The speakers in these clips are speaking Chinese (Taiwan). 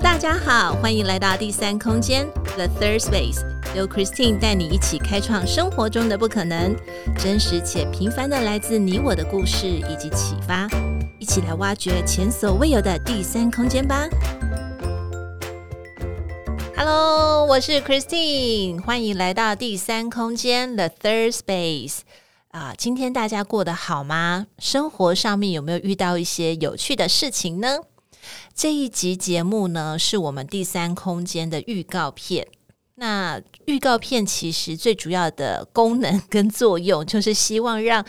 大家好，歡迎來到第三空間 The Third Space，由 Christine 帶你一起開創生活中的不可能，真實且平凡的來自你我的故事以及啟發，一起來挖掘前所未有的第三空間吧。Hello，我是 Christine，歡迎來到第三空間 The Third Space。啊，今天大家過得好嗎？生活上面有沒有遇到一些有趣的事情呢？這一集節目呢，是我們第三空間的預告片。那預告片其實最主要的功能跟作用，就是希望讓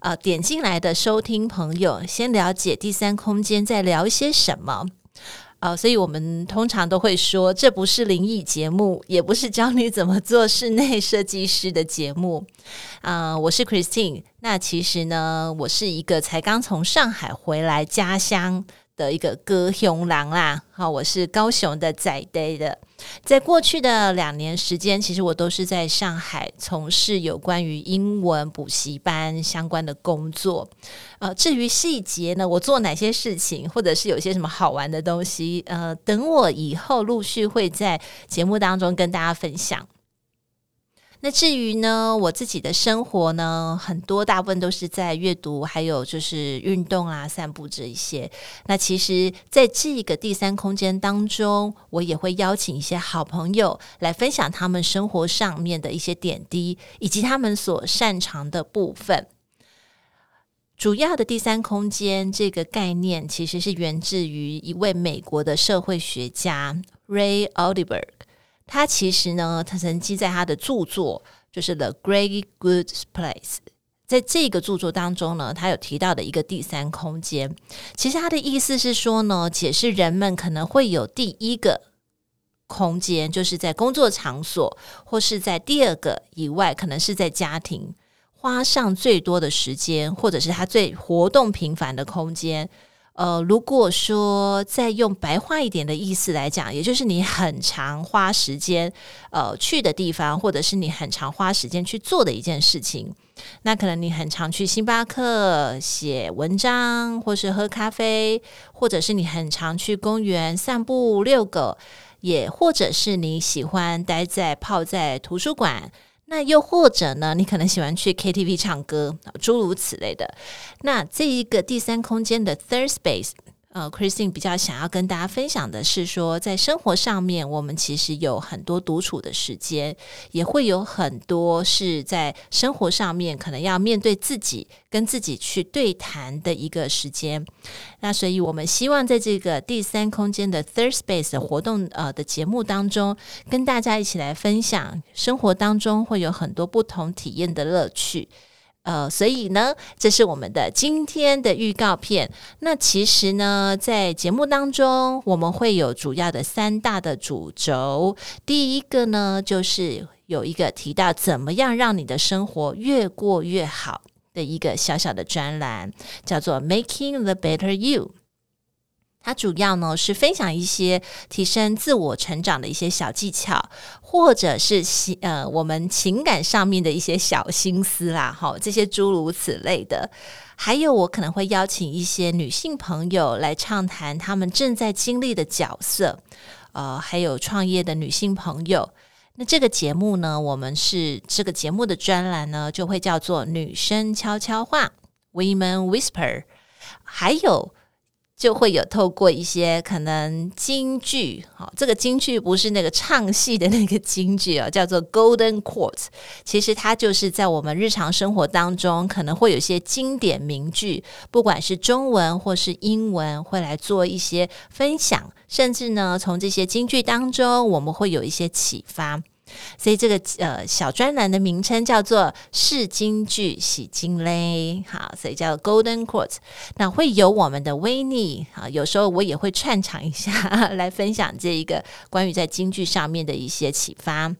啊、呃、點進來的收聽朋友先了解第三空間在聊些什麼。啊、呃。所以我們通常都會說，這不是靈異節目，也不是教你怎麼做室內設計師的節目。啊、呃，我是 Christine，那其實呢，我是一個才剛從上海回來家鄉。的一個高雄人啦，好，我是高雄的在地的。在過去的兩年時間，其實我都是在上海從事有關於英文補習班相關的工作。呃，至於細節呢，我做哪些事情，或者是有些什麼好玩的東西，呃，等我以後陸續會在節目當中跟大家分享。那至於呢，我自己的生活呢，很多大部分都是在閱讀，還有就是運動啊、散步這一些。那其實，在這個第三空間當中，我也會邀請一些好朋友來分享他們生活上面的一些點滴，以及他們所擅長的部分。主要的第三空間這個概念，其實是源自於一位美國的社會學家 Ray Oldenburg。他其實呢，他曾經在他的著作就是《The Great Good Place》，在這個著作當中呢，他有提到的一個第三空間。其實他的意思是說呢，解釋人們可能會有第一個空間，就是在工作場所，或是在第二個以外，可能是在家庭花上最多的時間，或者是他最活動頻繁的空間。呃，如果說再用白話一點的意思來講，也就是你很常花時間，呃，去的地方，或者是你很常花時間去做的一件事情，那可能你很常去星巴克寫文章，或是喝咖啡，或者是你很常去公園散步遛狗，也或者是你喜歡待在泡在圖書館。那又或者呢，你可能喜歡去 KTV 唱歌，諸如此類的。那這一個第三空間的 Third Space，呃，Christine 比較想要跟大家分享的是說，在生活上面，我們其實有很多獨處的時間，也會有很多是在生活上面可能要面對自己跟自己去對談的一個時間。那所以，我們希望在這個第三空間的 Third Space 活動呃的節目當中，跟大家一起來分享生活當中會有很多不同體驗的樂趣。呃、uh，所以呢，這是我們的今天的預告片。那其實呢，在節目當中，我們會有主要的三大的主軸。第一個呢，就是有一個提到怎麼樣讓你的生活越過越好的一個小小的專欄，叫做 Making the Better You。它主要呢，是分享一些提升自我成長的一些小技巧，或者是呃我們情感上面的一些小心思啦，哈、哦，這些諸如此類的。還有我可能會邀請一些女性朋友來暢談她們正在經歷的角色，呃，還有創業的女性朋友。那這個節目呢，我們是這個節目的專欄呢，就會叫做《女生悄悄話》（Women Whisper），還有。就會有透過一些可能金句，好，這個金句不是那個唱戲的那個京劇啊，叫做 Golden Quote。其實它就是在我們日常生活當中，可能會有一些經典名句，不管是中文或是英文，會來做一些分享，甚至呢，從這些金句當中，我們會有一些啟發。所以這個呃小專欄的名稱叫做“是金句洗金嘞”，好，所以叫 Golden Quartz。那會有我們的威尼，啊，有時候我也會串場一下來分享這一個關於在金句上面的一些啟發。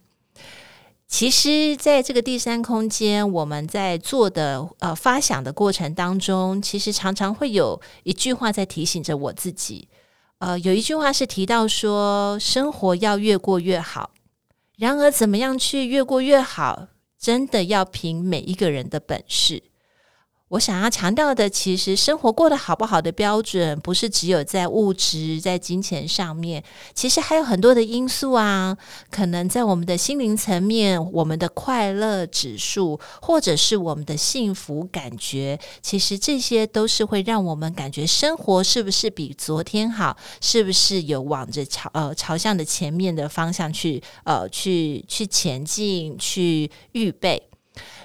其實，在這個第三空間，我們在做的呃發想的過程當中，其實常常會有一句話在提醒着我自己。呃，有一句話是提到說，生活要越過越好。然而，怎麼樣去越過越好，真的要憑每一個人的本事。我想要強調的，其實生活過得好不好的標準，不是只有在物質、在金錢上面，其實還有很多的因素啊。可能在我們的心靈層面，我們的快樂指數，或者是我們的幸福感覺，其實這些都是會讓我們感覺生活是不是比昨天好，是不是有往着朝呃朝向的前面的方向去呃去去前進，去預備。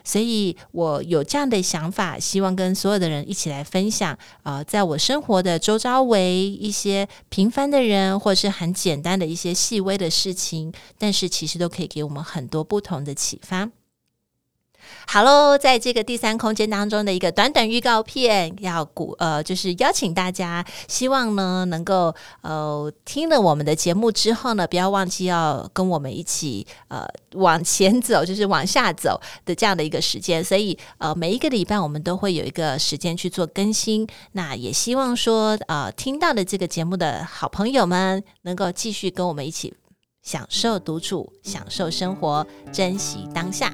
所以我有這樣的想法，希望跟所有的人一起來分享，啊，呃，在我生活的周遭，為一些平凡的人，或是很簡單的一些細微的事情，但是其實都可以給我們很多不同的啟發。哈嘍，在這個第三空間當中的一個短短預告片，要鼓呃，就是邀請大家，希望呢能夠呃聽了我們的節目之後呢，不要忘記要跟我們一起呃往前走，就是往下走的這樣的一個時間。所以呃，每一個禮拜我們都會有一個時間去做更新。那也希望說呃聽到的這個節目的好朋友們，能夠繼續跟我們一起享受獨處，享受生活，珍惜當下。